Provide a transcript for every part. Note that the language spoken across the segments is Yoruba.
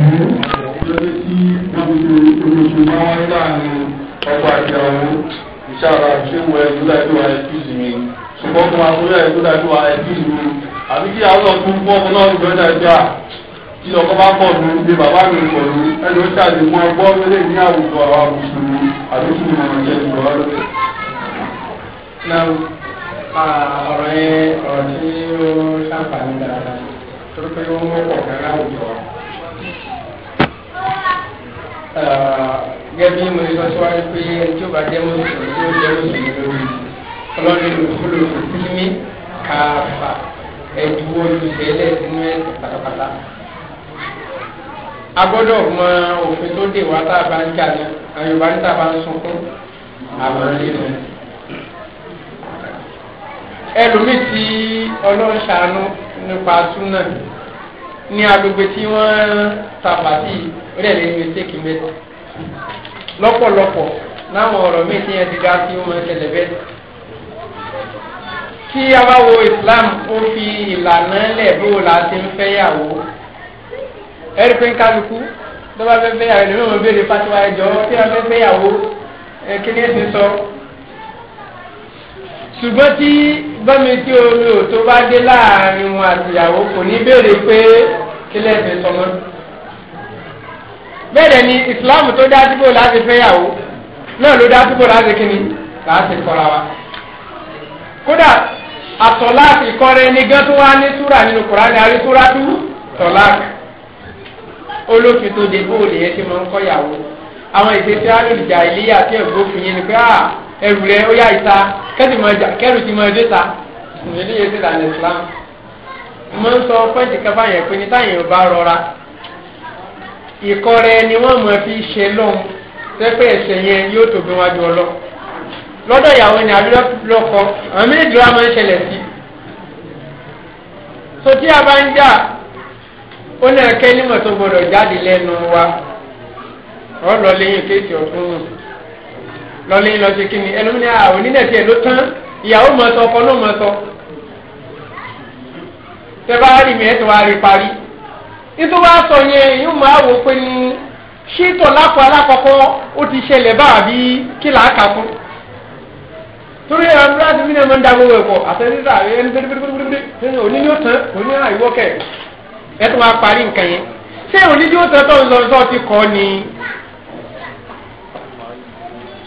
lórí tí olóṣù máa wáyé láàrin ọkọ àti àwọn ìṣàrà ṣéwọ ẹ̀dùn láìpẹ́ wa yẹn tí ó ṣàǹfààní dáadáa gẹ́gẹ́ bí mo sọ síwájú pé tí ó bá jẹ́ mùsùlùmí tí ó jẹ́ mùsùlùmí lórí ọlọ́run olùkúlò sílmí kàfà ẹ̀dúwó olùsẹ̀lẹ̀ sínú ẹ̀sìn pátápátá. a gbọ́dọ̀ mọ òfin tó dè wá tá a bá ń jà ní àwọn yorùbá ní tá a bá ń sunkún àwọn nínú. ẹlòmíì tí ọlọ́run ṣàánú nípa túnà ní agbègbè tí wọ́n tàbátì ó dẹ̀ lè ní mistake ń bẹ lọ́pọ̀lọpọ̀ láwọn ọ̀rọ̀ míì tí yẹn ti dá sí ọmọ ẹsẹ̀lẹ̀ bẹ́ẹ̀. tí a bá wo Islam ó fi ìlànà lẹ̀ bó la ti ń fẹ́yàwó ẹ̀rí pé ń kálukú tó bá fẹ́ fẹ́yàwó ẹ̀rí mọ̀ béèrè fatiwa ẹ̀jọ́ tí a fẹ́ fẹ́yàwó kí ni ẹ̀sìn sọ. ṣùgbọ́n tí bámi tí omi ò tó bá dé láàrin wọn àtìyàwó kò ní béèrè pé kí lẹ́sìn sọ mọ́. bẹ́ẹ̀ ni islam tó dá síbò láti fẹ́yàwó náà ló dá láti kíni láti kọ́ra wa. kódà àtọ̀láàkì ìkọrẹ ni gán tó wá ní súrà nínú kùránì àrí tú tọ̀láàkì. olófin tó dé bóòlù yẹn ti ń kọ́yàwó àwọn ìgbésí alòlùjà ìléyà tí ẹ̀gbọ́n fi yẹn ni pé ah, ẹrù rẹ ó yá ìta kẹ́rù ti mọ ta ti islam. mo ń sọ kẹfà yẹn pé ní táyà ìkọrẹ ni wọ́n mọ̀ fi ṣe lọ́hùn pẹ́pẹ́ ẹ̀sẹ̀ yẹn yóò tó bí wọ́n ju ọlọ́ lọ́dọ̀ ìyàwó ni àdúrà lọ́kọ àwọn méjì wa máa ń ṣẹlẹ̀ sí i so tí a bá ń jà ó náà kẹ́ nímọ̀ tó gbọdọ̀ jáde lẹ́nu wa ọ lọ lẹ́yìn kéèkì ọ̀tún nù lọ lẹ́yìn lọ sí kíni ẹlòmínà onídẹ̀tì ẹ̀ ló tán ìyàwó mọ̀ sọ ọkọ ló mọ̀ sọ tẹ́ bá rí mi ẹ̀ tó wá rí parí nítorí wàá sọ yẹn yóò máa wò pé ní ṣítọ̀ lápò alákọ̀ọ́kọ́ ó ti ṣẹlẹ̀ bá àbí kí là á kà fún. torí ẹ̀rọ ní láti mí náà máa ń da gbogbo ẹ̀kọ́ àtẹ̀síṣà rẹ̀ ẹni pérépérépérépéré òní ni ó tán òní náà ìwọ́ kẹ̀ ẹ̀ tó máa parí nǹkan yẹn. ṣé òní ni ó tán tó ń lọ sọ ti kọ́ ni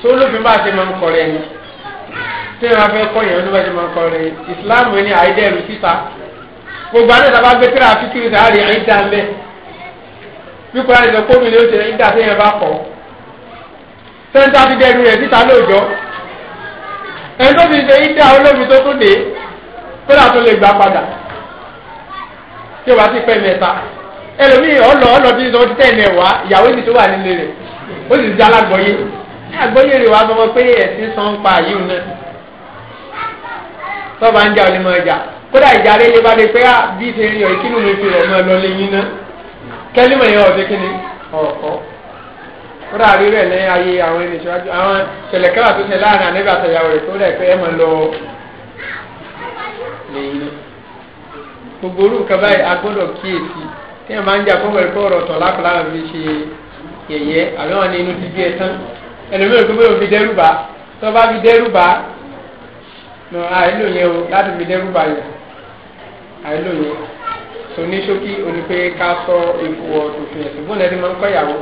tó lófin bá a ṣe máa ń kọ́ rẹ̀ ni tí wọ́n fẹ́ kọ́ yẹn ló bá ṣe máa ń kọ́ rẹ̀ Islam ní àìdẹ́rù síta gbogbo àti ìsàbà gbé tíra fíkìrì náà rí àyíká ń bẹ wípé àti ìsọkó mi ni ó ṣe àyíká tí yẹn bá kọ sẹńtà ti dẹnu rẹ síta lóòjọ́ ẹni tó ti ṣe àyíká olómi tó tún dé kódà tó lè gbà padà tí o bá ti pẹ́ mẹ́ta ẹlòmíì ọlọ ọlọ ti sọ ti tẹ̀lé wá ìyàwó ti tó wà nílé rẹ ó sì ti alágbọ̀yé alágbọ̀yé rẹ wá sọ pé ẹ̀sìn san pa yìí náà tọ́ba ń jà ò ní mọ kódà ìjàre lè bá de pé ah, bí ṣe rí ọ ìkínú mi fi rọ̀ mọ́ lọ lẹ́yìn náà kẹ́límọ̀ yẹn ọ̀dẹ́ kínní ọ̀kọ́ kódà rí rẹ̀ lẹ́yìn ayé àwọn ẹni ìṣáájú àwọn ṣẹlẹ̀ kẹ́wà tó ṣe láàrin àníbà àtẹ̀yàwó rẹ̀ tó rẹ̀ pé ẹ̀ mọ̀ lọ lẹ́yìn náà gbogbo orú nǹkan báyìí a gbọ́dọ̀ kíyèsí tí wọ́n máa ń jà fún ẹ̀kọ́ ọ̀rọ̀ ọ̀tọ̀ lákòlára fi ṣe yẹ̀yẹ́ àbí wọn ní inú ti bí ẹ tán ẹlòmíràn tó bẹ́ẹ̀ fi dẹ́rù bá tó bá fi dẹ́rù bá àìlò yẹn o láti fi dẹ́rù bá yẹn àìlóye tó ní ṣókí oní pé ká sọ ipò òfin ẹ̀sìn bóun lẹ́ni máa ń kọ́ ìyàwó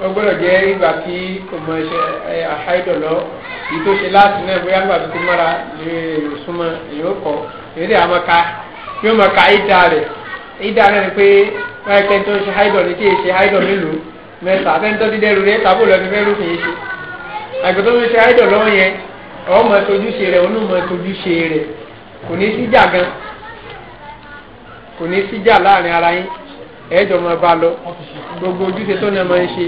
wọ́n gbọ́dọ̀ jẹ́ ìgbà tí kò mọ ẹ̀ṣẹ̀ àṣàìdọ̀lọ́ yìí tó ṣe láti náà bóyá gbà tó mọ́ra lè súnmọ́ èyàn kọ́ èyí àmọ́ ká yóò mọ̀ ká ìdá rẹ̀ ìdá rẹ̀ ni pé wọ́n yẹ kẹ́ńtọ́ ṣe àìdọ̀ ní kí èyí ṣe àìdọ̀ mélòó mẹ́ta kẹ́ńtọ́ ti dẹ́rù rẹ̀ lọ fi fẹ́rù fìyí ṣe àgbẹ̀tọ́ tó ṣe àìdọ̀ lọ́wọ́ yẹn ọ̀ mọ̀ tojúṣe rẹ̀ onú mọ̀ tojúṣe rẹ̀ kò ní sí jà gan kò ní síjà láàrin ara yín ẹ̀ẹ́dọ̀ máa bá lọ gbogbo ojúṣe tó náà máa ń ṣe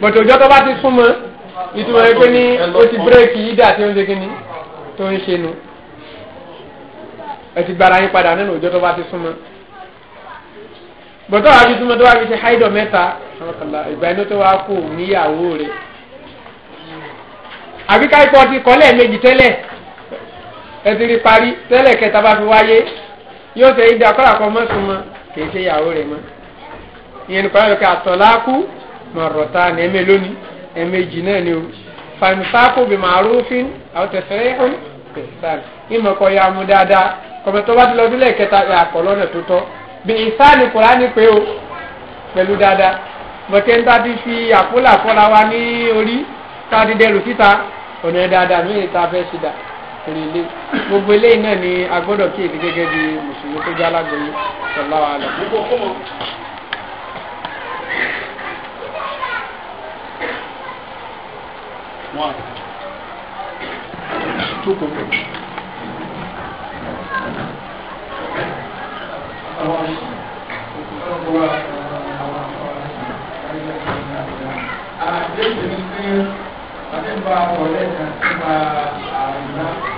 bọ̀tò òjò tó bá ti súnmọ́ ìtumọ̀ ẹgbẹ́ ní ó ti bírèkì yídà tí ó ń ṣe kíní tó ń ṣe nu ẹ ti gbára yín padà nínú òjò tó bá ti súnmọ́ bọ̀tò àbí súnmọ́ tó wá fi ṣe háìdọ̀ mẹ́ta ìgbà inú tó wá kù níyàwó rẹ̀ àbíká ipò ti kọ́lẹ̀ méjì tẹ́lẹ̀ ẹ ti rí parí tẹ́lẹ̀ kẹta bá fi wáyé yóò ṣe ìdá kọ́lá kọ́ mọ́ sùn mọ́ kì í ṣe ìyàwó rẹ̀ mọ́ ìyẹn nípa lóko àtọ̀láàkú mọ̀rọ̀ta ní ẹ̀mẹ́ lónìí ẹ̀mẹ́jì náà ni o fàmìfàkù bí màrúfin àwòtẹ̀fẹ̀rẹ̀ ìhùn kẹsàn ìmọ̀ ya mú dáadáa kọ̀mẹ́tọ́ bá ti lọ sílẹ̀ kẹta àkọ́ lọ́nà tó tọ́ bí ìsáàlì kùránì pé o pẹ̀lú dáadáa bọ̀tẹ́ ń tàbí fi àpólà fọ́ra wa ní orí káàdì síta ọ̀nà dáadáa ní ìta fẹ́ ṣe dáa káàkiri ilé gbogbo eléyìí náà ni a gbọ́dọ̀ kíyèsí gẹ́gẹ́ bí mùsùlùmí tó jẹ́ alágbèyí sallallahu alaihi wasallam. One. Two. Àdéhùn ní pé àdébà ọ̀rẹ́ kan ti máa àrùn náà.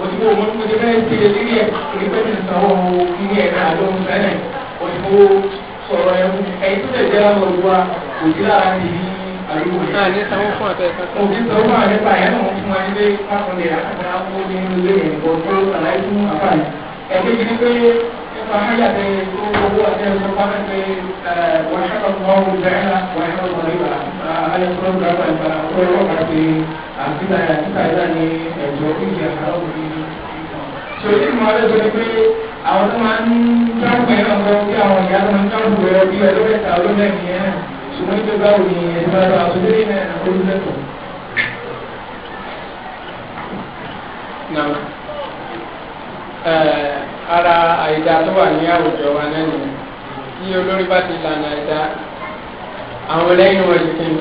òtún owó tí mo ti fẹ́ ṣe lérí ẹ̀ èyí fẹ́ ti sanwó ilé ẹ̀ náà ló ń fẹ́lẹ̀ òtún owó sọ̀rọ̀ ẹ̀ ẹ̀yìn tó lè jẹ́ láwọn olùwà òtún lára ti ní àdúgbò yìí. náà ní sanwó fún àtẹ ìfẹ́. òtún sanwó fún àtẹ ìfẹ́ àyẹ̀wò fún wa nílé fáfọlẹ̀ àkàtà ó ní ilé ẹ̀kọ́ tó àlàyé fún àfààní. ẹ̀gbẹ́ yìí ni pé nípa háyà pé owó àti ẹ̀sọ́ pàmẹ́ pé wàhálà ọ̀hún bẹ̀rẹ̀ wàhálà ọ̀hún bẹ̀rẹ̀ àti sòtì mọ́ ọdún tó pé àwọn tó máa ń dáhùn ẹ̀rọ ọ̀gọ́ bí àwọn ìyá tó máa ń dáhùn ẹ̀rọ bí ọdún mẹ́ta ọdún mẹ́rin yẹn náà ṣùgbọ́n ní pé báwo ni ẹ̀sìn bá lọ àtúndé náà ọdún mẹ́tọ̀. ara àìdá tó wà ní àwùjọ wa náà nìyẹn tí olórí bá ti lànà àìdá àwọn lẹ́yìn wọn ti kíni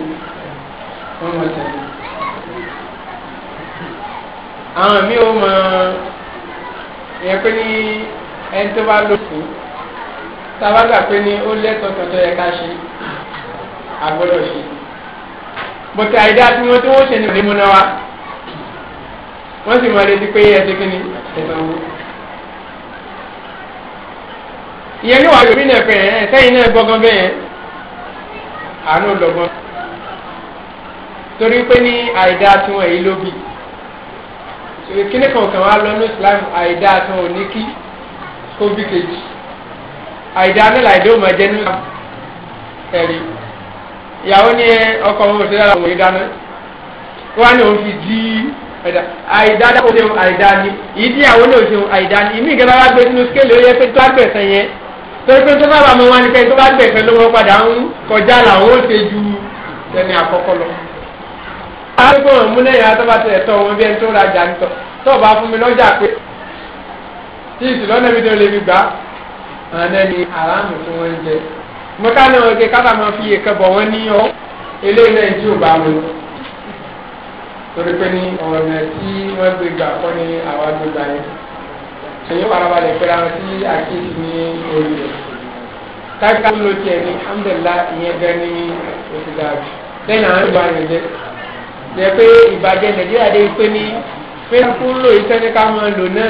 wọ́n tẹ̀lé. àwọn mi ò mọ ìyẹn pé ní ẹni tó bá lóṣù tábàgbà pé ní ó lẹ́tọ̀ọ́ tọ̀tọ̀ yẹ ká ṣe àgbọ̀dọ̀ ṣe bọ̀tà àìdá tí wọ́n tí wọ́n ṣe ní ìrìnnà wa wọ́n sì máa retí pé ẹsẹ̀ kí ni ẹ̀sán wo. ìyẹn ní wàá yòmí náà fẹ́ sẹ́yìn náà gbọ́ngàn bẹ́ẹ̀ àánú lọ́gbọ́n torí pé ní àìdá tí wọ́n èyí ló kíní kankan wa lọ ní islam àìdá tó ò ní kí kó bí kejì àìdá náà làìdá ò máa jẹ nínú ẹ̀rí ìyàwó ní ọkọ òun òṣèlú àwọn òun ìdáná wọn ni òun fi di ẹ̀dá àìdá dákò ṣe àìdá ni ìdí ìyàwó náà ṣe àìdá ni ìmí ìgbẹ́ bá gbé sínú skéèlì ó yẹ pé tó àgbẹ̀sẹ̀ yẹn torí pé tó bá bàmọ́ wọn ni kẹ́ tó bá gbẹ̀sẹ̀ lọ́wọ́ padà ń kọjá làwọn ó ṣe ju ẹni àkọ́kọ́ lọ arákùnrin ọ̀hún múlẹ̀ yàrá tó bá tẹ̀ tọ̀ wọn bí ẹni tó ra jà ń tọ̀ tó bá fún mi lọ́jà pé tí ìsìlọ́nà mi tó lè fi gbà àná ni aráàmù tí wọ́n ń jẹ. mo ká náà wọ́n ké kábà máa fi èkó bọ̀ wọ́n ní ọ́ eléyìí náà tí ò bá mi. torí pé ní ọ̀nà tí wọ́n gbé gbà kọ́ ní àwa gbé gbà yẹn. ẹ̀yin farabalẹ̀ pẹ̀lú àwọn tí àkíyèsí ní orí rẹ̀. káàkiri ló tiẹ̀ ní jẹ́ pé ìbàjẹ́ nàìjíríà dé pé ní pé kú ń lò iṣẹ́ ní ká máa lò náà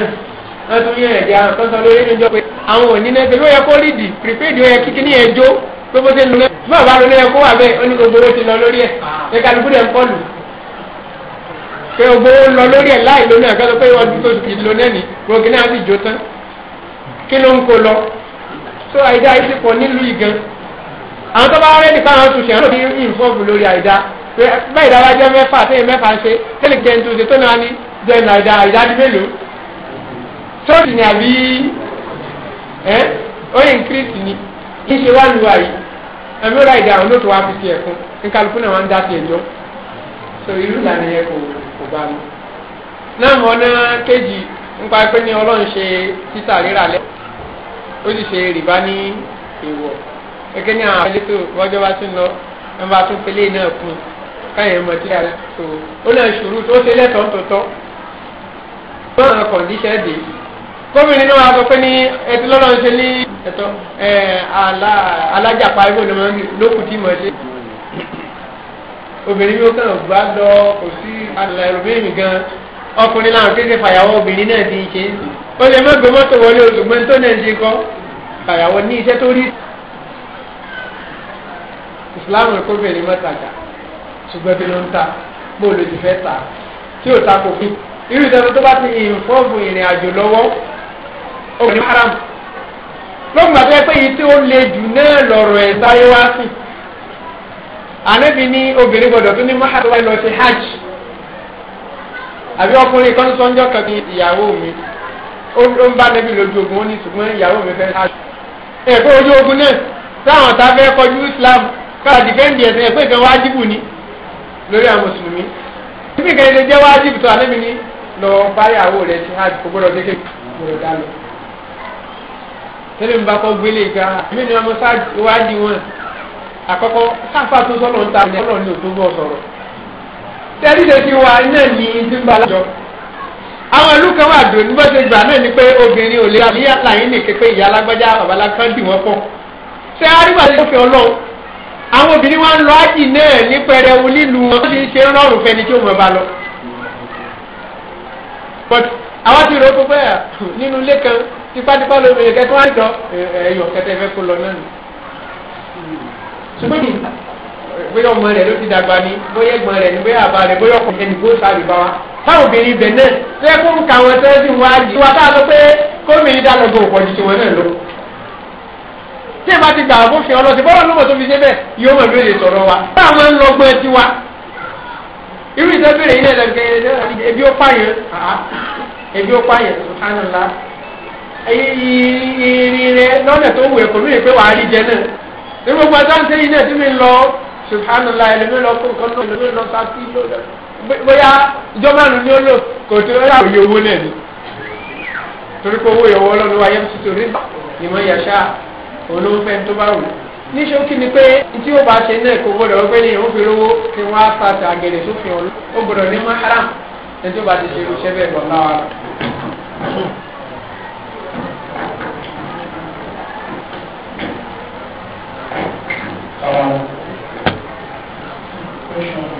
wọ́n tún yẹn ẹ̀jẹ̀ àwọn tó ń sọ lórí ẹ̀jọ́ pé àwọn òní náà tẹ̀lé ó yẹ kó rídì prepaid ó yẹ kíkí ní ẹjọ́ pé bó ṣe lò náà bí ọba lò náà kó wà bẹ́ẹ̀ ó ní gbogbo owó ti lọ lórí ẹ̀ ṣé kálukú dẹ̀ ń pọ̀ lù pé gbogbo owó lọ lórí ẹ̀ láì lò náà kẹ́lọ́ pé wọ́n tó ti lò náà ní gbogbo náà ti jó tán kí ló ń kó lọ tó àìdá yìí ti pọ̀ nílùú ìgan àwọn tó bá rẹ́ nípa àwọn tòṣì àwọn òbí ń fọ́ọ̀bù lórí àìdá pé báyìí dára jẹ́ mẹ́fà tẹ́yìn mẹ́fà ń ṣe tẹ́lẹ̀ kẹ́ ń tó ṣe tó náà ní jẹ́ nàìdá ìdájú mélòó tóòtù ni àbí ẹ́ ó yẹ nkírìtì ni kí ṣe wá lu àyè ẹ̀mí ó ra ìdá àwọn olóòtú wa fi ti ẹ̀kún nkàlùkù náà wọ́n ń dá sí ẹjọ́ so irú ìlànà yẹn kò kò bá mi. náà mọ̀ ọ́nà kejì nípa pé ní ọlọ́run ṣe títà rírà lẹ́ ó sì ṣe rìbá ní èèwọ̀ gẹ́gẹ́ ní àwọn àfẹ́lẹ́tò wọ́jọ́ bá tún lọ ẹ̀ bá tún pélé náà kún un káyọ̀ mọ̀ tí ara tó ó lè ṣòro tó ṣe lẹ́tọ̀ọ́ tọ̀tọ̀ báwọn kọ̀ǹdíṣẹ́ dé gómìnà náà wàá sọ pé ní ẹtí lọ́lọ́ ń ṣe ní ẹ̀tọ́ alájàpá ibo ni wọ́n lókùn tí mo ṣe obìnrin bí ó kàn gbá lọ kò sí àlàyé gan ọkùnrin làwọn kéde fàyàwọ́ obìnrin náà ti ṣe é ó lè má gbé mọ́tò wọlé oṣù gbẹ́ntó náà ń ṣe kọ́ fàyàwọ́ ní iṣẹ́ tó rí ìsìláàmù kóbìnrin mọ́tàjà ṣùgbọ́n kí ló ń ta bóò ló ti fẹ́ ta tí ò ta kò fi irú ìtọ́jú tó bá ti ìfọ́ọ̀mù ìrìn àjò lọ́wọ́ obìnrin haram lọ́gbà tó yẹ pé yìí tí ó le jù náà lọ́rọ̀ ẹ̀ sáyé wá sí ànábì ní obìnrin gbọ́dọ̀ tó ní mahad wáyé lọ sí hajj àbí ọkùnrin kan sọ́njọ́ kan ní ìyàwó mi ó ń bá nẹ́bí lójú ogun ó ní ṣùgbọ́n ìyàwó mi fẹ́ hajj ẹ̀ pé ojú ogun náà táwọn ta fẹ́ kọjú Islam káà dìfẹ́ǹdì ẹ̀sìn ẹ̀ pé ìkan wájibù ni lórí àwọn mùsùlùmí níbi kan ilé jẹ́ wájú ìbùtọ́ àlẹ́ mi ní lọ báyàwó rẹ̀ ti hajj kò gbọ́dọ̀ dékè gbọ́dọ̀ dá lọ. tẹ́lẹ̀ ń bá kọ́ gbélé ga mí ni ọmọ sáwádìí wọn àkọ́kọ́ sáfà tó sọ́nà ń ta ọlọ́run ní òtún bọ̀ sọ̀rọ̀ tẹ́lí lè fi wá iná ní ti ń ba lájọ. àwọn ìlú kan wà dùn nígbà tó gbà náà ni pé obìnrin ò lè àlíyá làyín nìkẹ́ pé ìyá alágbájá bàbá alákàndì wọn pọ̀ ṣé arígbà tó àwọn obìnrin wa ń lọ ájì náà ní pẹrẹwu nílùú wọn. wọ́n ti ń ṣe rọrùn fẹni tí òun ọba lọ. but àwọn ti rò ó pé nínú ilé kan tipátipá lómi ẹ̀kẹ́ tó wá ń tọ́ ẹ̀yọ̀ kẹtẹ fẹ́ kó lọ náà nù. ṣùgbọ́n bóyá ọmọ rẹ̀ ló ti dàgbà ni bóyá ẹ̀gbọ́n rẹ̀ ni bóyá àbá rẹ̀ bóyá ọkọ̀ ẹnì kó sáré bá wa. táwọn obìnrin ibẹ̀ náà fẹ́ kó ń ka wọn tẹ́lẹ̀ sí wọn á yí. wọn á tí ìbá ti gbàgbọ́ fi ọ lọ sí bọ́lá lọ́mọ tó fi ṣe bẹ́ẹ̀ yóò mọ̀ lóye sọ̀rọ̀ wa báwa máa ń lọ gbọ́ ẹtí wa irú ìtẹ́bìrì yìí lẹ́dẹ̀ẹ́dẹ́ ebi ó pààyàn ebi ó pààyàn subhanallah irin rẹ lọ́nà tó wù ẹ̀kọ́ mi pé wàá rí jẹ náà ní gbogbo àtàǹtẹ̀ yìí náà tí mi lọ subhanallah ẹlẹ́mi lọ kó nǹkan náà ẹlẹ́mi lọ sá sí lọ́dọ̀ bóyá ìjọba nù ni ó lò kò tó yà òye owó náà ni torí pé owó ìyọwọ́ ọlọ́run wáyé ti torí ìmọ̀ yàtá olóńfẹ́ tó bá wù ní ṣókí ni pé tí ó bá ṣe náà kó gbọdọ̀ wípé ní ìhun fi rówó kí wọ́n á ta ti àgẹ̀dẹ̀ sófin ọ̀lú ó gbọdọ̀ ní maharam ní tó bá ti ṣe irúṣẹ́ bẹ́ẹ̀ bọ̀ láwa. Thank you.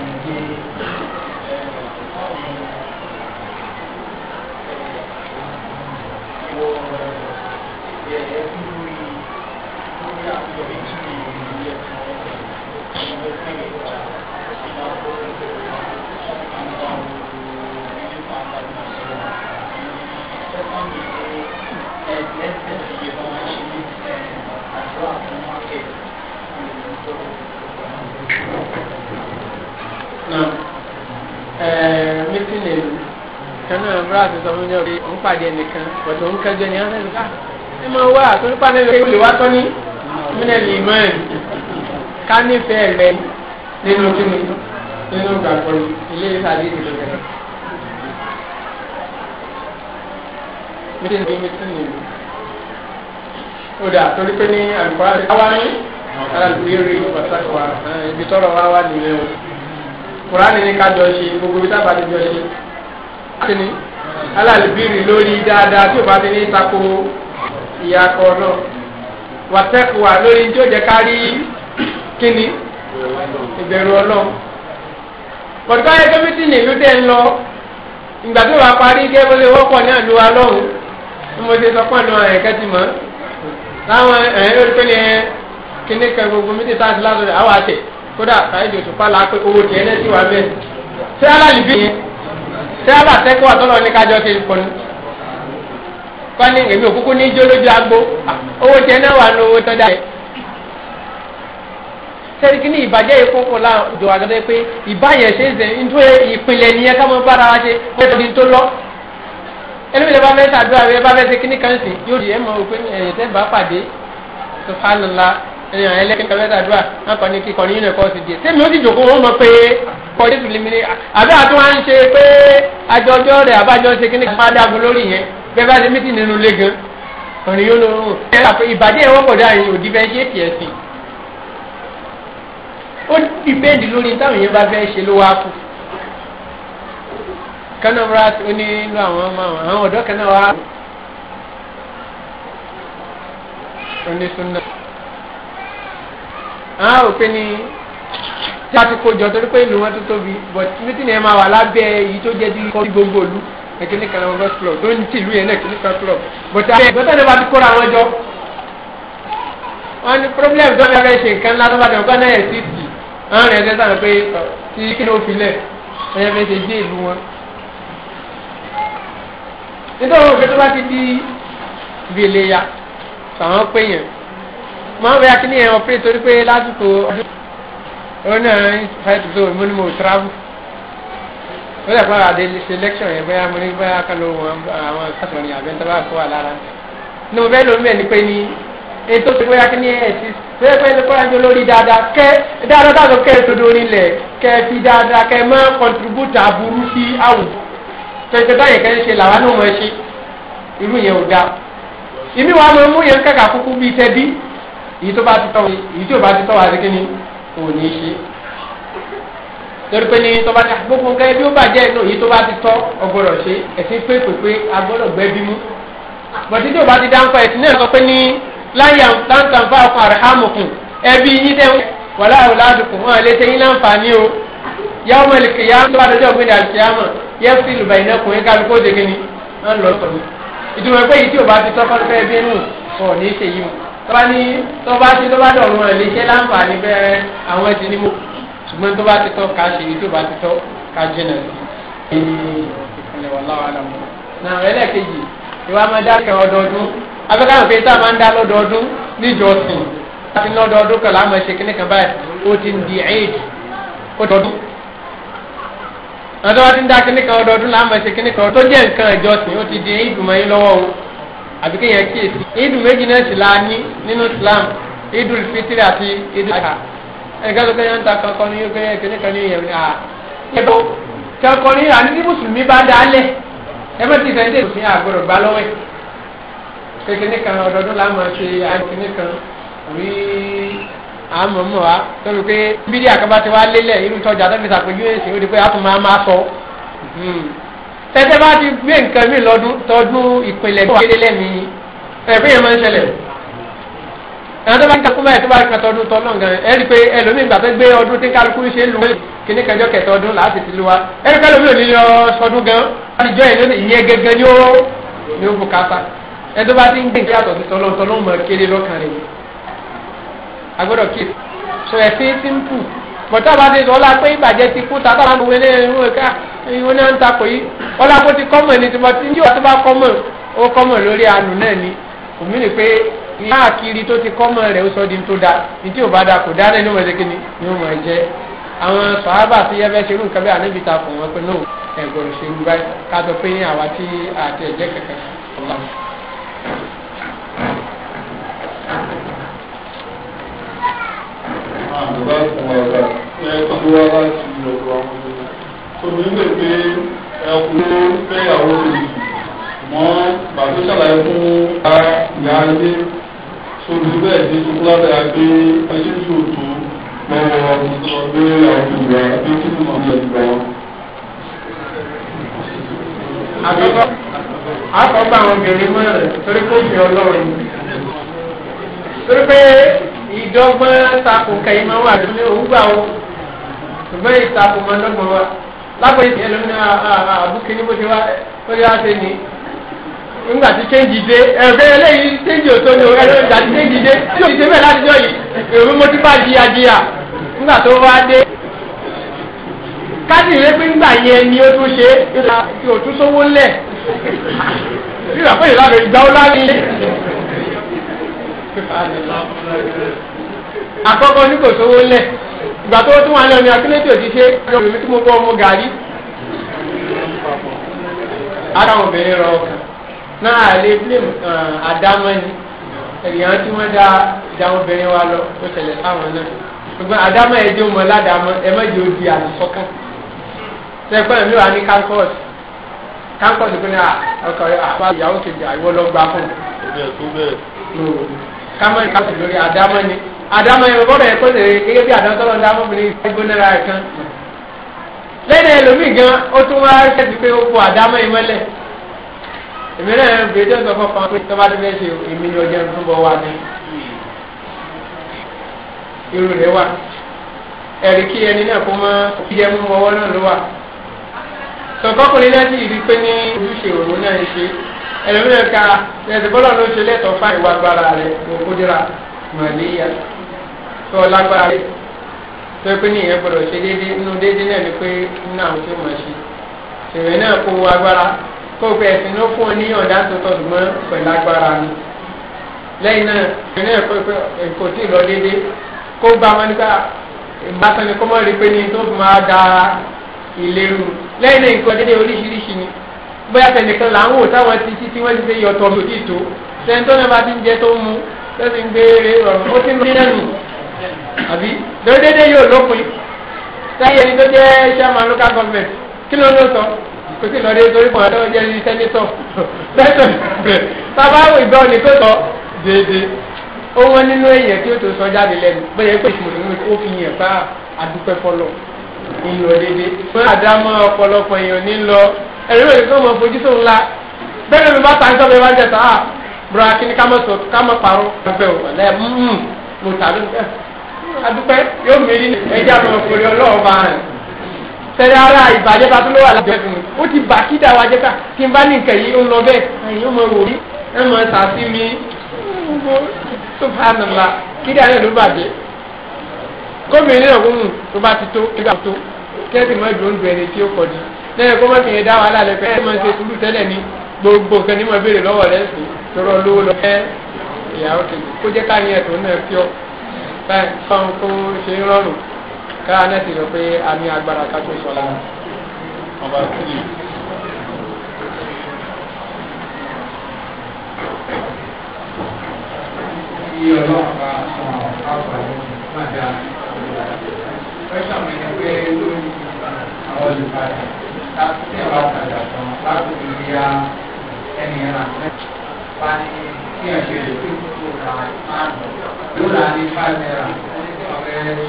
àti sọ̀rọ̀ ní ọ̀rẹ́ òun pàdé ẹnìkan pẹ̀lú òun kẹjọ ni ọ̀rẹ́ nìkan ẹ máa wá àtúntò pàdé ẹ̀rẹ́ olè wá tọ́ ní mílẹ̀lì ìmọ̀ ẹ̀ ká nífẹ̀ẹ́ rẹ nínú kíni nínú gbàgbọ́ ilé ìsàlẹ̀ ìdílé rẹ. mílíọ̀nù bíi mílíọ̀nù ìlú ó dà torí pé ní àlùkò àti àwa ní alàlùbíyèrè pàtàkì wa ibi tọrọ wa wà nìyẹn o kùránì ní ká jọ ṣe gbogbo ibi tá a bá ti jọ ṣe. alálìbírì lórí dáadáa tí ò bá ti ní tako ìyàkọ̀ náà wàtẹ́kùwà lórí tí ó jẹ́ ká kíni ìbẹ̀rù ọlọ́run pọ̀tùkọ́ ayé kẹ́mítì nìlú tẹ̀ ń lọ ìgbà tó wà parí kẹ́ wọ́pọ̀ ní àlùwà lọ́hùn ní mo ṣe sọ pọ̀ náà ẹ̀kẹ́ ti láwọn lórí kan gbogbo mi ti tá àti lásán àwọn àtẹ kódà káyọ̀dé òṣùpá làá pé owó tiẹ̀ náà ti wà bẹ́ẹ̀ ṣé alálìbí yẹn. ṣé alàtẹ́kọ̀ àtọ́lọ́ ní kájọ́ ṣe ka kọ́ni èmi òkúkú ní ijó lójú agbó owó tiẹ̀ náà wà ní owó tọ́jà rẹ̀ sẹ́ríkì ní ìbàjẹ́ yìí kókó láàjọ pé ìbáyẹ̀ ṣe ń ìpìlẹ̀ nìyẹn wa ṣe wọ́n ti di tó lọ ẹlẹ́mi lẹ́ba mẹ́ta àdúrà rẹ̀ bá fẹ́ kíní kan yóò èèyàn ẹlẹ́kẹ́ kan lẹ́sà dúà wọn kàn ní kíkọ ní yúnìkọ́ sì díẹ̀ sẹ́mi ó sì jòkó wọn mọ̀ pé kọ́ jésù lè mi ní àbí àti wọn á ń ṣe pé àjọjọ́ rẹ̀ àbájọ ṣe kí ní kí máa dáàbò lórí yẹn bẹ́ẹ̀ bá ṣe mí tì nínú ilé gan ọ̀rìn yóò lóorùn ìbàdí ẹ̀wọ́ pọ̀ dáa yìí òdì bẹ́ẹ̀ ṣe tiẹ̀ sí ó dìbẹ́ẹ̀dì lórí táwọn yẹn bá fẹ́ ṣe ló wá kù kánáfúrá ó ní inú àwọn òpin ni tí a ti kó jọ torí pé ìlú wọn tó tóbi but mítí ni ẹ máa wà lábẹ́ èyí tó jẹ́ bí kọ́ gbogbo ìlú ẹ̀kíní kan àwọn gọ́ọ̀sì club lóyún tí ìlú yẹn náà ẹ̀kíní kan club but àwọn ìgbọ́tàn náà bá ti kóra wọn jọ wọn ni problem tó lọ́rẹ́ ṣe nǹkan ńlá tó bá dẹ̀wọ́ gánà ẹ̀ sí ti àwọn rẹ̀ ṣe sàrò pé tí kí ni ó fi lẹ̀ ẹ̀yẹ fẹ́ ṣe dé ìlú wọn. nítorí òkè tó bá ti di gbèlè ya sàwọn pé máa ń bẹ akíní yẹn ọ̀pẹ́ torí pé lásìkò ó náà ń fight zone mo ní mo travel ó dẹ̀ fún àdé selection yẹn bóyá mo ní bóyá kánú wọn àwọn kásán ní àbẹ́ nítorí àkó wà lára ní mo bẹ́ẹ̀ ló ń bẹ̀ ni pé ní ètò ìpínlẹ̀ bóyá kíní yẹn ẹ̀sì bóyá pé ní kọ́ra ń jó lórí dáadáa kẹ́ dáadáa táwọn kẹ́ ẹ̀ tó dorí lẹ̀ kẹ́ ẹ fi dáadáa kẹ́ ẹ máa contribute àbúrú sí àwùjọ tẹ̀sẹ̀ báyìí kẹ́ ẹ ṣe làwọn náà mọ̀ èyí tó bá ti tọ́ èyí tí ò bá ti tọ́ wa ṣe kí ni kò ní í ṣe torí pé ní tọ́ba ní gbogbo nǹkan ẹbí ó bàjẹ́ inú èyí tó bá ti tọ́ ọgbọ́dọ̀ ṣe ẹ̀sìn pé pé pé agbọ́dọ̀ gbẹ́ bímú bọ̀dé tí ò bá ti dá ń pa ẹ̀sìn náà sọ pé ní láyà láǹtàǹfà ọkàn rẹ̀ hàmù kù ẹbí yín dẹ́ wàlá ọ̀làdùkù wọn lè tẹ́yìn láǹfààní o yàwó mọ̀ lìkìyà tó bá dọjọ́ ògbìn àlùkìyàmọ̀ yẹ fi lùbà iná tọ́ba ní tọ́ba ti tọ́ba dọ̀rùn ẹ̀ léṣẹ́ láǹfààní bẹ́ẹ̀ àwọn ẹ̀ ti ní mo ṣùgbọ́n tọ́ba ti tọ́ ká ṣe tó bá ti tọ́ ká jẹ́nà sí. ìpínlẹ̀ wà láwa náà mọ̀. náà ẹlẹ́ẹ̀kejì ìwà máa dá kẹ́ ọdọọdún abẹ́káwọn pé tá a máa ń dá lọ́dọọdún níjọsìn láti lọ́dọọdún kan láàmú ẹ̀ṣẹ̀ kíní kan báyìí ó ti ń di aid ọdọọdún. ti ń dá tó àbí kéèyàn kíyèsí idu méjì náà sì la ní nínú Islam idu fitiri àti idu aka ẹnìkan tó kẹyàn ń ta kankan ní yorùbá yẹn kẹyàn kan ní yẹn à ẹbọ kankan ní àní ní mùsùlùmí bá dá lẹ ẹbẹ ti fẹ́ dé òfin àgbọ̀rọ̀ gbá lọ́wọ́ ẹ̀ kékeré kan ọdọọdún la máa ṣe àìkékeré kan rí àmọ̀mọ̀ wa lórí pé bídí àkàbà ti wá lélẹ̀ irú tọ́jà tó fi sàpèjúwe sí ó di pé a tún máa máa sọ. Hmm tẹ́tẹ́ bá ti gbé nǹkan mi lọ́dún tọdún ìpínlẹ̀ tó wà kéde lẹ́mìí ẹ̀fẹ́ yẹn máa ń ṣẹlẹ̀ àwọn tó bá ń kakú báyìí tó bá ń kàtọ́ ọdún tọ́lọ́ gan ẹ rí i pé ẹlòmíì gbà tó gbé ọdún tí kálukú ṣe ń lu kíní kẹjọ kẹtọ ọdún láti ti lu wa ẹ rí i pé ẹlòmíì ò ní lọ sọdún gan àtijọ́ yẹn lónìí ìyẹn gẹ́gẹ́ ni ó ni ó bùkátà ẹ tó bá ti ń gbé nǹkan yàtọ̀ sí tọ́lọ́ tọ́lọ́ mọ̀ kéde lọ́kàn rẹ̀ agbọ́dọ̀ kí so ẹ̀sìn simple pọ̀tọ́ bá ti sọ ọ́ la pé ìbàjẹ́ ti kú ìwọ náà ń takò yìí ọlá kó ti kọ́mọ̀ ní tìmọ̀ tí yóò tó bá kọ́mọ̀ ó kọ́mọ̀ lórí àánú náà ni òmí ni pé ìyá àkiri tó ti kọ́mọ̀ rẹ̀ ó sọ di tó da ní tí ò bá da kò dá náà ní wọn ṣe kíni ní wọn jẹ àwọn sọ̀hábà tí yẹ fẹ́ ṣe irú nǹkan bí ànábì ta fún wọn pé náà ẹ̀gbọ́n ṣe ń bá ká sọ pé ní àwa tí àti ẹ̀jẹ̀ kẹ̀kẹ́ ọ̀la. àgbà fún ọ̀la ẹ̀kọ́ ló wá láti ọ̀dọ̀ àwọn obìnrin lè gbé ẹkùn fẹ́yàwó rẹ̀ mọ́ bàbá ṣàlàyé fún ìyá ilé sórí bẹ́ẹ̀ ní sọ́kúládà gbé ẹyẹ tí ò tó lọ́wọ́ ọgbẹ́ àwọn ìgbà bí kí ni màmá ìgbà. àkọ́kọ́ àkọ́kọ́ àwọn obìnrin mọ́rẹ̀ torí kó fi ọlọ́run torí pé ìjọgbọ́n takùn kẹ́yìn máa wà lórí òwúgbà wọn ṣùgbọ́n ìtakùn máa dọ́gbọ́n wa lápò ìsìn ẹlòmínú ah, ah, ah, àbúkẹ́ ní bó ti wá ó ti ni nígbà tí kéńjì dé ẹ̀fẹ́ eléyìí kéńjì òtó ni ẹ̀rọ ìgbà tí kéńjì dé tí òjì débẹ̀ láti jọ yìí èrò mo ti bá jìyà jìyà nígbà tó wá dé. káàdì rẹ pé ńgbà yẹn ni ó tún ṣe tí ò tún sówó lẹ̀ bí wàá pèsè lábẹ́ ìgbà ó lárí. àkọ́kọ́ ní kò sówó lẹ̀ ìgbà tó tún wà lọ́ni akínétì òṣìṣẹ́ ọmọ mi tí mo bọ́ ọmọ gàrí. ara àwọn obìnrin rọ ọkàn náà lè blame eh, àdámọ́ni èèyàn tí wọ́n dá ìdá obìnrin wa lọ ó ṣẹlẹ̀ sáwọn náà ṣùgbọ́n àdámọ́ ẹ jẹ́ ọmọ ládàámọ́ ẹ má jẹ́ odi àlùsọ́kàn sẹ́kọ̀ọ́ mi wà ní kankọ́ọ̀sì kankọ́ọ̀sì pé ní ọkọ̀ àpá ìyàwó kejì àìwọ́ lọ gbà fún un. ká mọ̀ ní ká sì lórí àdámọ́ ni àdámọ̀ yẹn gbọ́dọ̀ yẹ kó lè gẹ́gẹ́ bí àdámọ̀ tọ́lọ́ ń dá ọmọbìnrin gbóná ra kan lẹ́nu ẹlòmíì gan ó tún wá ṣẹ́bi pé ó bu àdámọ̀ yẹn mọ́lẹ̀ èmi náà ń gbèdé ọ̀sán fọkàn pé tọ́ba tó fẹ́ ṣe èmi ni ọjà tó bọ̀ wá ní irú rẹ̀ wà ẹ̀rí kí ẹni náà kó mọ́ ìjẹ́ mú ọwọ́ náà ló wà sọ̀kọ́kùnrin náà sì rí pé ní ojúṣe òun náà ń ṣe ẹlòmíràn ká ẹ̀sìn bọ́lá ló ṣe lẹ́tọ̀ọ́ fáìwá gbára rẹ̀ òkúdíra màlẹ́yà tó o lágbára rẹ tó pé ní gbọdọ̀ ṣe déédéé nínú déédéé náà ni pé nínú àwọn tí ó máa ṣe ṣèwé náà kó o agbára kó o pé ẹ̀sìn ló fún ọ ní ọ̀dà tó tọ̀ ṣùgbọ́n pẹ̀lú agbára ni lẹ́yìn náà ṣèwé náà kó o pé kò tí ì lọ déédéé kó o bá wọn nípa ìbátan ni kó mọ̀ rí pé ní tó fi máa da ìlérú lẹ́yìn náà nǹkan déédéé oríṣiríṣi ni bóyá tẹnìkan làwọn ò táwọn ti títí wọ́n ti fi yọ̀tọ̀ lòdì tó tẹ́ńtọ́ náà bá ti ń jẹ tó ń mu tó ti ń gbé rẹ̀ rọ̀rùn ó ti ń rí náà nù àbí déédéé yóò lópin sẹ́yìn ẹni tó jẹ́ chairman local government kí ló ló sọ kò sí lọ́dẹ torí kan àdáwọ̀ jẹ́ ẹni sẹ́nitọ̀ sẹ́tọ̀ bàbá ìgbọ́ ni tó sọ déédéé ó wọ́n nínú èèyàn tí ó tó sọ jáde lẹ́nu bóyá pé ìmọ̀lẹ́mọ̀ ó fi yàn bá àdúpẹ́ fọlọ́ ìlú òdede fún àdámọ́ ọ̀pọ̀lọpọ̀ èèyàn nílọ ẹ̀rí òdì tó mọ̀ fojú sóun la bẹ́ẹ̀ mi bá tàn sọ́bẹ̀ wájú ẹ̀ sọ́ à bùrọ̀ akíní ká mọ̀ pàrọ̀ ọ̀bẹ̀ ò mo adúpẹ́ yóò mérí ẹja lọ òkèrè ọlọ́run bá rẹ̀ sẹ́dá ara ìbàjẹ́ ta tó ló wà lábẹ́ fún mi ó ti bà kí dáwà jẹ́ ká kí n bá ní nǹkan yìí ó ń lọ bẹ́ẹ̀ ẹ̀yin ó mọ wò rí ẹ̀ mọ sàfin mi tó bá nà la kí dáa náà ló bàjẹ́ gómìnà náà wọ́n mú tó bá ti tó tó bá tó kẹ́sì mọ́ ìdúró ń du ẹni tí ó kọ́ di lẹ́yìn kó má fi yẹn dá wàhálà lẹ́fẹ̀ẹ́ ẹ̀ máa ń ṣe sùúrù tẹ́lẹ̀ ní gbogbo nǹkan ní mo béèrè lọ́wọ́ rẹ̀ sí tọrọ lówó lọ báyìí fọ́n kó ṣe ń rọrùn káà náà sì rò pé a ní agbára ká tó sọ lára. ọba kìlì. iye ọlọ́run bá sọ àwọn ọ̀pá máa dá pẹ́sà mi ni lórí àwọn olùbàdàn láti ṣe àwọn àtàjà kan láti fi ya ẹnìyàn àti bá kí ẹ ṣe lè fi kó ní five naira ọ̀rẹ́ ṣe lè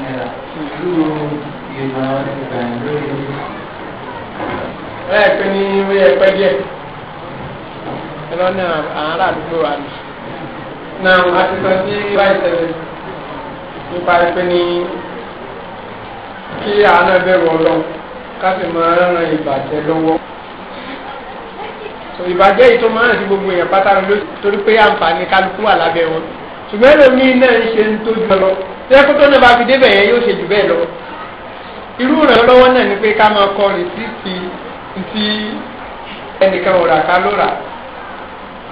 naira irú ìgbà ìgbà lórí. ẹ pé ní wí ẹpẹ díẹ̀ ẹ lọ ní àárà àdúgbò wa ni. náà a ti sọ sí báyìí tẹ́lẹ̀ nípa pé ní kí àánú ẹgbẹ́ wọ lọ ká sì máa ń ran ìbàjẹ́ lọ́wọ́ so ìbàjẹ́ yìí tó máa ń sí gbogbo èèyàn pátá ló torí pé àǹfààní kálukú wà lábẹ́ wọn ṣùgbọ́n ẹlòmíì náà ń ṣe ń tó jọ lọ tẹ́kọ́ tó náà bá fi débẹ̀ yẹn yóò ṣe jù bẹ́ẹ̀ lọ irú ìrànlọ́wọ́ náà ni pé ká máa kọ rìsíìtì ti ẹnìkan ọ̀rà ká ló rà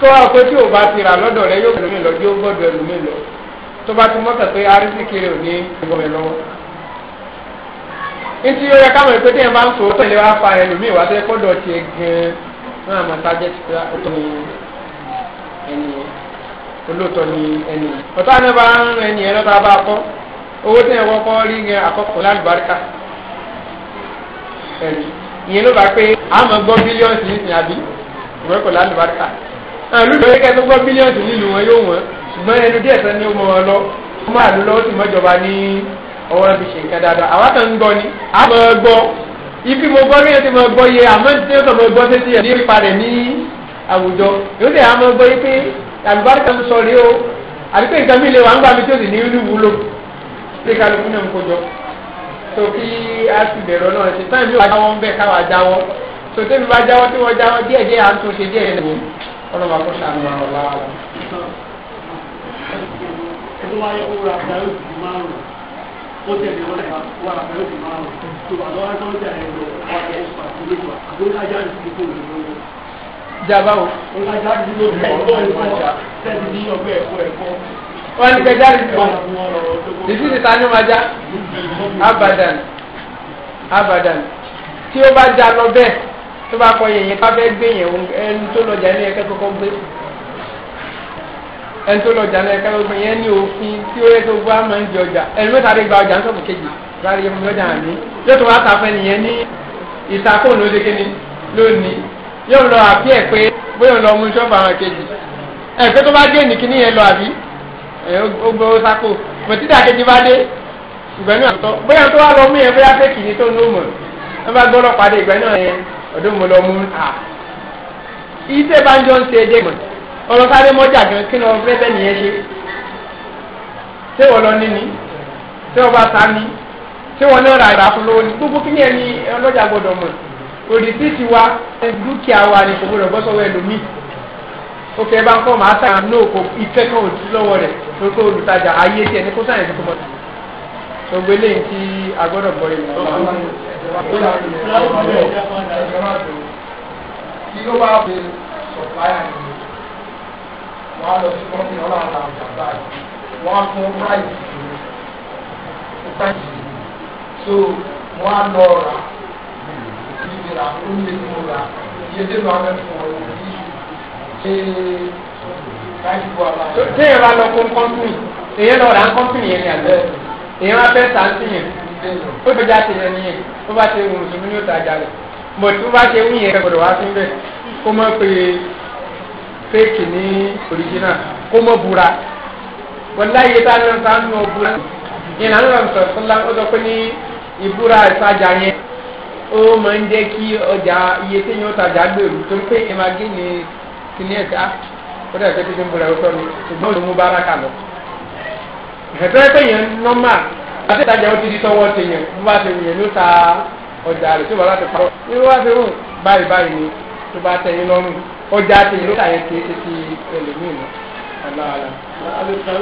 tó wà pé tí o bá ti rà lọ́dọ̀ rẹ yóò ẹlòmíì lọ yóò gbọ́dọ̀ ẹlòmíì lọ tó bá ti mọ́tà pé arísìkiri ò ní ìgbọ̀mẹ̀ lọ́wọ́ nítorí ó yẹ káwọn ìpè tí ẹ bá ń sọ pẹ̀lú wa fa ẹlòmíì wá tẹ́ tiẹ̀ gan-an náà mọ tájẹ́tì pé ó tó ní ẹni olóòótọ́ ní ẹni ọ̀tá náà bá ń rìn ẹni ẹ̀ lọ́ta bá kọ́ owó tẹ̀ ẹ̀ kọ́kọ́ rí yẹn àkọ́kọ́ lálùbáríkà ẹ̀rí ìyẹn ló bá pé àmọ́ gbọ́ bílíọ̀nù sí ìsìn àbí ìwé kò lálùbáríkà àlùdò yẹ kẹ́tọ́ gbọ́ bílíọ̀nù nílùú wọn yóò wọ́n ṣùgbọ́n ẹnu díẹ̀ sẹ́ni ó mọ wọn lọ ó máa lò lọ́wọ́ sì mọ́jọba ní ọwọ́ fi ṣe nǹkan dáadáa àwa kan ń gbọ́ ni àmọ́ gbọ́ ibi mo gbọ́ bíyẹn ti mo gbọ́ yẹ àmọ́ ní tí ó mo gbọ́ sétí ẹ̀ ní ipa rẹ̀ ní àwùjọ yóò dé àmọ́ gbọ́ yí pé àlùbáríkà ń sọ rí o àti pé nǹkan mi lè wà ń gbà mí tí ó sì ní inú wúlò pé kálukú náà ń kójọ tó kí á sì bẹ̀rọ náà ṣe táyì mi ò bá jáwọ́ ń bẹ̀ káwa jáwọ́ tó tẹ́mi bá jáwọ́ tí wọ́n jáwọ́ díẹ̀ díẹ̀ à ń tún ṣe díẹ̀ lẹ́wọ̀ ọlọ́mọ akọ́ sànù ó tẹ̀lé wọn lẹ́ka wà lápẹ́ ó fi máa rọ̀ tó wà lọ́wọ́ tó ń tẹ̀lé lọ wà lọ́wọ́ ó fà sílé wà ó ajá ní ti kó lòlò lọ. Jaba o. O ka jáde ní ọgbẹ́ ẹ̀kọ́ ẹ̀kọ́ tẹ̀sí ní ọgbẹ́ ẹ̀kọ́ ẹ̀kọ́. Wọ́n ní kẹ́ jáde tó. Ìsí ti ta ni ma já? Abadan. Abadan. Tí ó bá já lọ bẹ́ẹ̀ tó bá kọ yẹ̀yẹ́ bá fẹ́ gbé yẹn ẹni tó lọ jà ní ẹ̀kẹ́ kọ́kọ́ gbé ẹni tó lọ jà náà ẹ̀ka gbogbo yẹn ní òfin tí ó yẹ tó gbọ́ àmọ́ ń di ọjà ẹni mẹ́ta lè gba ọjà ń sọ̀kù kejì rárá yẹ fún ọjà àní yóò tó wá ta fẹ́ nìyẹn ní ìtakùn ló déke ni lónìí yóò lọ àbí ẹ̀ pé bóyá lọ mú ṣọ́ọ̀bù àwọn kejì ẹ̀ pé tó bá dé ní kíní yẹn lọ àbí ó gbọ́ ó sáko mọ̀tídà kejì bá dé ìgbẹ́nu àtọ́ bóyá tó wá lọ mú yẹn bóyá pé kìíní tó ń lò mọ̀ ẹ bá gbọ́ lọ pàdé ìgbẹ́nu yẹn ọ̀dọ́ mọ̀ ọlọ́sáré mọ́jà gan kí ni wọ́n bẹ́ẹ̀ nìyẹn ṣe ṣé wọ́n lọ ní ni ṣé wọ́n bá ta ni ṣé wọ́n náà ra fún lówó ni gbogbo kí ni ẹni ọlọ́jà gbọ́dọ̀ mọ̀ òdì ti wa dúkìá wa ni kò gbọ́dọ̀ gbọ́sọ̀wọ́ ẹlòmíì òkè bá ń kọ́ màá sàn án náà ìfẹ́ kan ò sí lọ́wọ́ rẹ̀ pé kó olùtajà ayé tiẹ̀ ní kó sàn ẹ̀ tó mọ̀ tí wọ́n á lọ sí kọ́ńtì ọlọ́run àwọn àgbà yìí á fún ráìsì fún so wọ́n á lọ rà níbi rà ó ní mo rà iye tí mo rà fún ọ yìí ṣe ráìsì wà láàyè. ṣé ìyẹn bá lọ fún kọ́ńtì ìyẹn lọ rà ń kọ́ńtì yẹn ní àgbẹ̀ ìyẹn wá fẹ́ sàǹtì yẹn ó fi já ti yẹn ó bá ti wù mùsùlùmí ní òtàjà rẹ̀ bọ̀tú bá ti wù yẹn gbọ́dọ̀ wá sí bẹ́ẹ̀ kó mọ̀ pé fake ní original kó mọ bura wọláyé tá a lọ sá nù ọ bura ìlànà lọ sọ fúnla ó sọ pé ní ìbúra ìtajà yẹn ó máa ń jẹ́ kí ọjà iye téèyàn tajà gbèrú torí pé ìmàgé ni kìnìún ẹ̀ka ó dẹ̀ tẹ́tí tó ń bọ̀rẹ̀ ọ̀tọ̀ mi ṣùgbọ́n òun mú bára kà lọ. ìfẹ̀tọ́ ẹ pé yẹn nọ́mà àti ìtajà ó ti di tọwọ́ ti yẹn bó bá ti wù yẹn ló ta ọjà rẹ̀ tó bá láti parọ́ ní bó bá ti wù báyìí báyìí ni tó bá tẹ̀yìn lọ́rùn ọjà àtẹ̀yìn ló kàyẹ kí ṣe ti ẹlòmíì mọ́ aláàlá. kí ló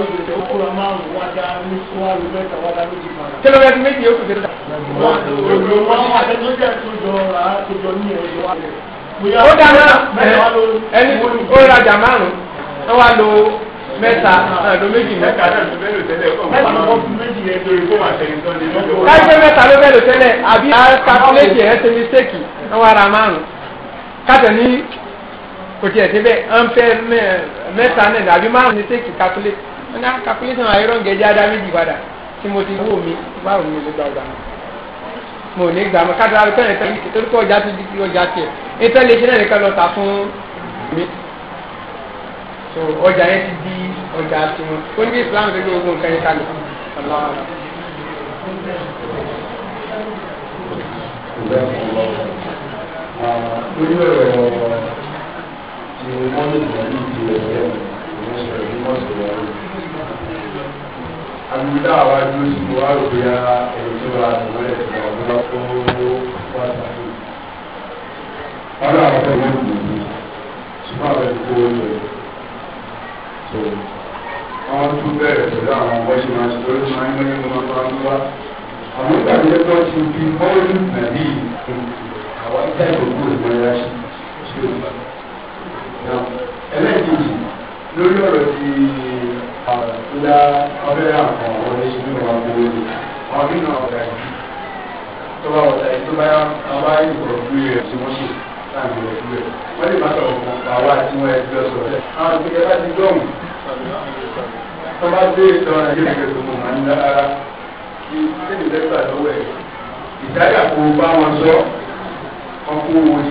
bẹ́ẹ̀ fi ó dáná ẹni ó rajà márùn-ún wọ́n wá lo mẹ́ta àdó méjì mẹ́ta ló bẹ́ẹ̀ lò tẹ́lẹ̀ káyọ̀ mẹ́ta ló bẹ́ẹ̀ tẹ́lẹ̀ àbí àkàkùlẹ́tì ẹ̀ ṣe mistake wọ́n wá ra márùn-ún káàtẹ̀ ní kò tiẹ̀ ti bẹ́ẹ̀ ń fẹ́ mẹ́ta náà àbí márùn ní sèkì ah, calculate wọn ní calculation àìrọ̀ gẹ̀ẹ́dẹ́ adá méjì padà tí mo ti wò mí márùn mi ló gba ọgbà mi mo ní gbà mọ kátàlá ló fẹ́ràn ìtàn ìtàn tó ọjà tó di ti ọjà tiẹ̀ ìtàn lè ṣe náà nìkan lọ tà fún mi so ọjà yẹn ti di ọjà tiwọn ó ní Islam tó gbé ogun nǹkan yẹn kalẹ̀ ọlọ́run. Thank àbúdá àwa dúró sí mo wá rò pé a ẹ̀rọ tó ra àtọ̀wọ́lẹ̀ tó ra ọ̀gbọ́n kó wá sáré. wọ́n lọ àwọn ọ̀gbọ́n wọn kù ní ṣùgbọ́n àwọn ẹ̀rọ kó wọlé rẹ̀. so wọ́n tún bẹ̀rẹ̀ pẹ̀lú àwọn ọmọ ṣe máa ṣe lórí máa ń lóyún wọn máa ń wá. àwọn ìgbàgbé ẹgbẹ́ ti fi bọ́ọ̀lù nàbí àwọn ìgbà ìgbòkú ìgbòyà ṣe ṣe ò ẹlẹ́ẹ̀kejì lórí ọ̀rọ̀ ti ìdá ọbẹ̀ àwọn ọ̀rẹ́ inú wa gbogbo ni wọn nínú ọ̀rọ̀ ẹ̀ tó bá ọ̀tá ẹ̀ tó bá bá ìbọ̀rọ̀ fún rẹ̀ tí wọ́n ṣe láti rẹ̀ fún rẹ̀ wọ́n lè má sọ̀rọ̀ fún àwa tí wọ́n ẹgbẹ́ ọ̀sọ̀ rẹ̀ àwọn ìpínlẹ̀ bá ti dọ̀hùn tó bá dé ìtọ́ra yóò fẹ́ tó mọ̀ máa ń dá ara kí sẹ́ni lẹ́gbà lọ́wọ́ ẹ̀ ìdáyà kó bá wọn sọ ọkùnrin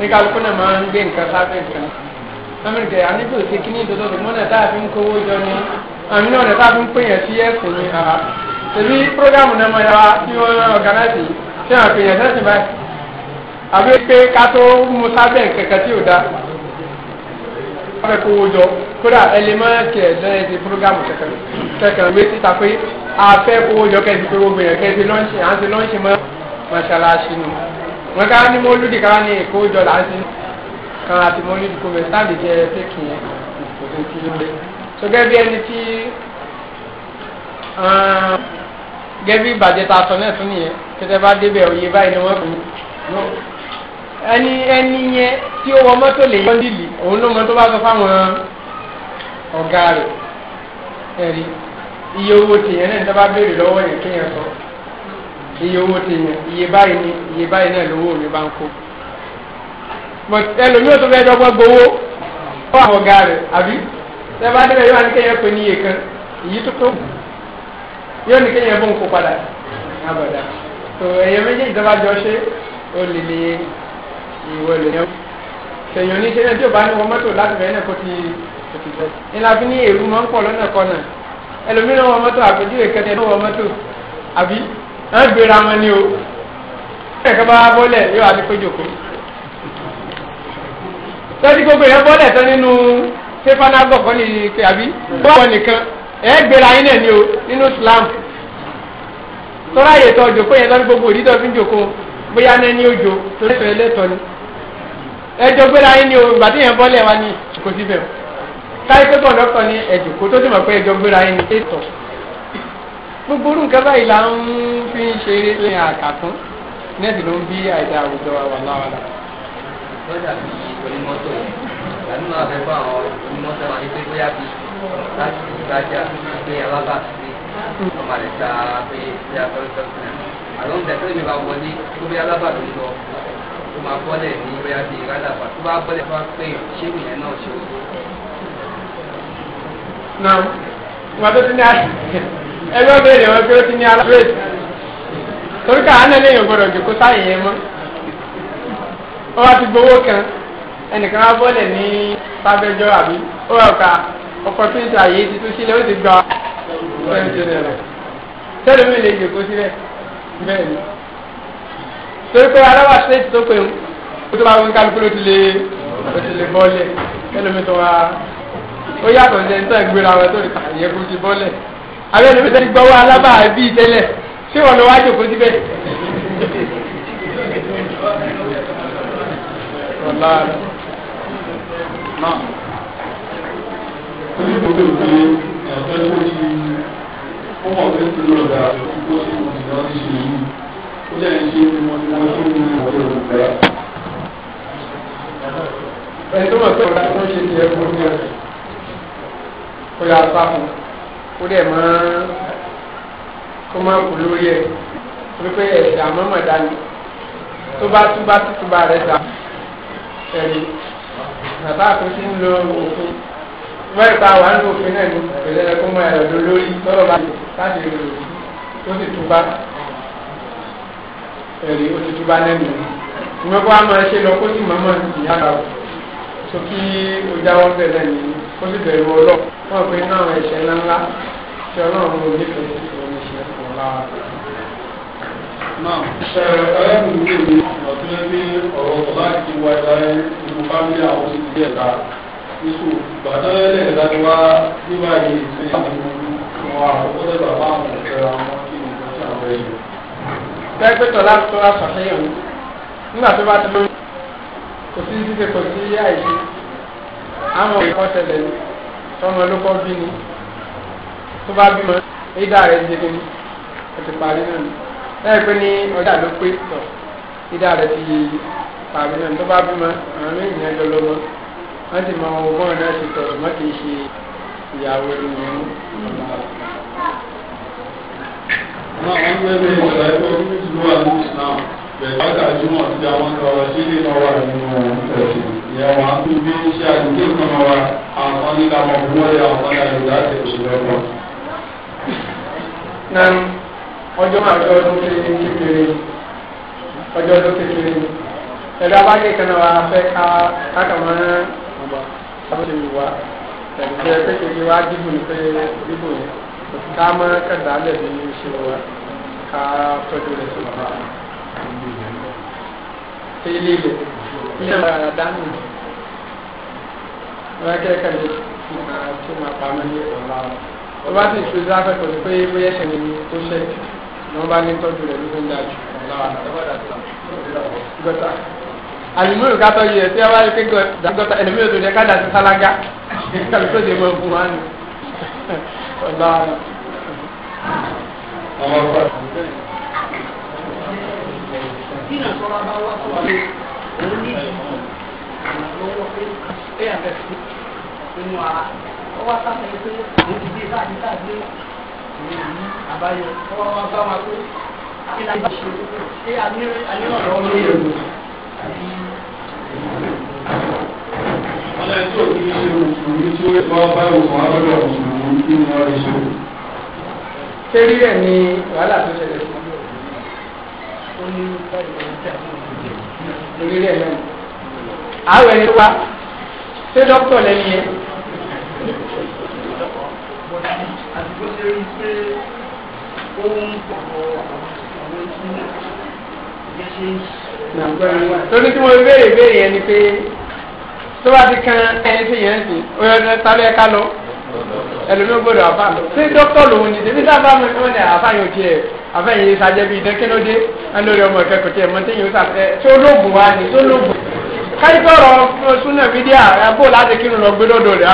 ní kálukú náà máa ń gbé nǹkan sábẹ́ nǹkan amẹ́ríkà àníbò ṣe kí ní ìdodo tó mọ́nà tá a fi ń kówó jọ ni àmì náà ọ̀nà tá a fi ń pè yẹn sí ẹ̀sìn ni àhà tèmi prógámù náà máa yára tí wọ́n ọ̀gánáìsì ṣé àwọn èèyàn sẹ́sìn báyìí àbí pé ká tó mú sábẹ́ kẹ̀kẹ́ tí ò dá wọ́n fẹ́ kówó jọ kódà ẹlẹ́mọ́ kẹ̀ lẹ́yìn ti prógámù kẹ̀kẹ́ wé síta pé a fẹ́ kówó jọ kẹ́sì pé gbogbo yẹn kẹ́sì lọ́ọ̀ṣì à ń ṣe lọ́ọ̀ṣì wọn ká ní mọ́lúdì ká ní èkó jọ láti kan àti mọ́lúdì kó bẹ̀rẹ̀ sáàdì jẹ́ fẹ́kì òfin tí ó lé so gẹ́bí ẹni tí ah, gẹ́bí ìbàjẹ́ ta sọ náà tún nìyẹn tẹ́tẹ́ bá débẹ̀ òye báyìí ni wọ́n kù ẹni ẹni yẹn tí ó wọ mọ́tò lè yọ nílì òun ló mọ tó bá sọ fáwọn ọ̀gá rẹ̀ ẹ̀rí iye owó tèèyàn náà ní bá béèrè lọ́wọ́ yẹn kéèyàn sọ iye owó tèèyàn iye báyìí ni iye báyìí náà lówó mi bá ń kó ẹlòmíràn tó fẹ́ dọ́gbọ́n gbowó ó àwọn ọ̀gá rẹ̀ àbí tẹ́lẹ̀ bá débẹ̀ yóò wá ní kéèyàn pé ní iye kan èyí tó tó yóò ní kéèyàn bó ń kó padà àbàdà tó ẹ̀yẹ méjì ìjọba jọ ṣe ó lè lè ìwọ lè yẹn tẹ̀yàn ní sẹ́yìn tí ò bá ní wọ mọ́tò láti bẹ̀rẹ̀ náà kó ti kó ti bẹ̀ ìlà fi ní èrú máa ń pọ̀ lọ́nà kan ẹlòmíràn wọ mọ́tò ẹ gbéra o ẹ̀ka bá bọ́lẹ̀ yóò tọ́jú gbogbo bọ́lẹ̀ tán nínú ní nìkan náà ni o nínú Islam tọ́lá yẹ tọ́ jòkó yẹn lọ́dún gbogbo òdìdọ́ fi ń jòkó bóyá náà torí ẹ̀fẹ̀ ni ẹjọ́ gbéra yín ni o ìgbà tí yẹn bọ́lẹ̀ wa ni kò síbẹ̀ o pé gbogbo orú nǹkan báyìí là ń fi ń ṣe ní àkàtún nẹ́ẹ̀sì ló ń bí àìdá àwùjọ wà láwàlá. lọ́jà bí onímọ́tò yẹn tàbí máa fẹ́ fún àwọn onímọ́tò máa ní pé bóyá bí láti ìtajà pé alábà sí ọmọ rẹ̀ ta pé bí a fẹ́ fẹ́ fún ẹ̀. àlọ́ ń tẹ̀sán ìjọba wọlé tó bí alábà ló ń lọ tó máa bọ́lẹ̀ ní bóyá bí rádàbà tó bá bọ́lẹ̀ fún wa pé ṣé ìyẹn náà ṣe òkú. náà wọ́n tó ẹgbẹ́ bẹ̀rẹ̀ wọn pé ó ti ní alábẹ́ẹ̀tì torí káà náà lẹ́yìn gbọ́dọ̀ jòkó sáyé yẹn mọ́ ó wá ti gbowó kan ẹnìkan wá bọ́lẹ̀ ní sábẹ́jọ́ àbí ó wà ká ọkọ̀ tó ń ta àyè ti tó sílẹ̀ ó ti gba sẹ́lẹ̀ mi lè jòkó sílẹ̀ bẹ́ẹ̀ ni torí pé aláwà ṣẹ́ẹ̀tì tó pé o tó bá wọn kálukú ló ti lè ló ti lè bọ́lẹ̀ sẹ́lẹ̀ mi tó wá ó yàtọ̀ ní ẹni tó ń gbéra wọn tó lè tàyẹ̀ kó ti bọ́lẹ̀ àwọn ẹni bẹ́sẹ̀ ti gbọ́wọ́ alábà bíi tẹ́lẹ̀ ṣé wọn lọ wá jòkó síbẹ̀. Ẹni tó mọ̀ pé ọ̀la tó ń ṣe ti ẹ̀kọ́ ní ọ̀sẹ̀, ó yà á sá fún un kó dẹ̀ mọ́ kó má kú lórí ẹ̀ wípé ẹ̀dá mọ́mọ́ dání tó bá túbá tútùbá rẹ̀ dá ẹ̀rí bàbá àkóso ń lo òfin wọ́n ìta wà ń lo òfin náà ní ìpìlẹ̀ kó mọ ẹ̀rọ lórí lọ́rọ̀ bá láti lè lò ó sì túbá ẹ̀rí ó ti túbá lẹ́nu ìmọ̀kọ́ a máa ṣe lọ kó sì mọ́mọ́ ìyá rà ó kí o jáwọ́ bẹ̀rẹ̀ nìyí ó sì bẹ̀rù ọlọ́ wọn pe iná àwọn ẹ̀ṣẹ̀ ńláńlá tí ọlọ́run ló ní kò sí òun ṣe fún ọlá. náà ṣe ẹlẹ́kùnrin mi ní ọ̀tún ẹbí ọ̀rọ̀ ọ̀la ti wá ẹ̀dá ìlú fámílì àwọn oṣù díẹ̀ ta iṣu gbàdán ẹlẹ́ẹ̀dá ti wá nígbà yìí ṣe àwọn ọ̀fẹ́ àwọn kí ni ìgbà tí àwọn nígbà tó bá ti lóyún kò sí ṣíṣe kò sí àìṣe àmọ́ ìkọ́ ṣẹlẹ̀ ni tọmọ ló kọ́ bí ni tó bá bímọ ìdá rẹ̀ ń ni ó parí náà ni lẹ́yìn pé ní ọjà ló pé tọ̀ ìdá rẹ̀ ti parí náà ni tó bá bímọ àwọn méjì yẹn jọ lọ́mọ wọ́n ti mọ ogún ọ̀nà ti tọ̀rọ̀ mọ́ kì í ṣe ìyàwó ènìyàn mú náà wọ́n gbé ní ìgbà ẹgbẹ́ orí jùlọ àti ìsìlámù bẹ̀rẹ̀ wákàtí wọn ti àwọn ọ̀rọ̀ sílé náà wà nínú ẹ̀sìn yẹ̀wọ̀n tó bí iṣẹ́ àdúgbò kan wa àwọn nílà ọ̀gbọ́n yà ọ̀gbọ́n yà lọ́dà àti òṣèlú ọ̀gbọ́n. na ọjọ́ àjọ ọdún kékeré ọjọ́ ọdún kékeré ẹ̀dá bá ní ìkànnì wa fẹ́ ká kákàmọ́ sábẹ́lẹ̀ wa ẹ̀dùnkẹ́ kékeré wa dìbò ní pé dìbò yẹn ká mọ́ kẹ́dà lẹ́bi ṣe wa ká tọ́jú rẹ̀ sí wa. Ilé ilé ilé ìlànà dánù rákẹ́kẹ́ ló tó máa pa mọ́ ní ọ̀la wọn. ó bá sì ṣe sáfẹ́ pẹ̀lú pé bóyá ẹ̀ṣẹ̀ ni tó ṣẹ̀ ní wọ́n bá ní tọ́jú rẹ̀ lóṣù ńlá jù ọ̀la wọn. gọ́tà àlùmọ́ọ̀rù ká tọ́jú rẹ̀ tí a bá rí pé gọ́tà ẹlẹ́mìíràn tó jẹ́ ká dà sí sálágà kàbí tó lọ́wọ́ pé ẹ̀yà bẹ̀ fún inú ara ó wá sáfẹ́ pé mo ti dé láti láti lé ìròyìn àbáyọ ó wá wá bá wa pé kí la ṣe ṣé anírànlọ́wọ́ ló yẹ kó àti. ọ̀nà tí ò ní ṣe òṣùwọ̀n tí ó bá bá òkun abọ́dọ̀ òṣùwọ̀n kí ni wọ́n lè ṣe. ṣé rí ẹ̀ ni wàhálà tó ṣẹlẹ̀ sí i? ó ní báyìí ló ń tẹ̀ lórí rẹ̀ náà àwẹ̀ ni wá ṣé dókítà lẹ́nu yẹn. àdìgbò ṣe rí i pé ó ń bọ̀bọ̀ àwọn tí ìyẹn ṣe ń sọ. torí tí mo béèrè béèrè yẹn ni pé tó bá ti kan ẹni tí yẹn ń sìn ó yẹ ẹ sáré ká lọ ẹlòmíì gbọ́dọ̀ àbá lọ ṣé dókítà lòun ni débi tá a bá mi kọ́ ni àbá yóò tiẹ̀ àbá yìí ṣàjẹbí lórí ọmọ ìkẹ́kọ̀ọ́ tiẹ̀ mọ́tẹ́yìn ó sàfẹ́ ṣé olóògùn wa ni ṣé olóògùn káyí sọ̀rọ̀ súnà fídíà ẹ̀bọ́ láti kírun lọ gbé lọ́dọ̀ rẹ̀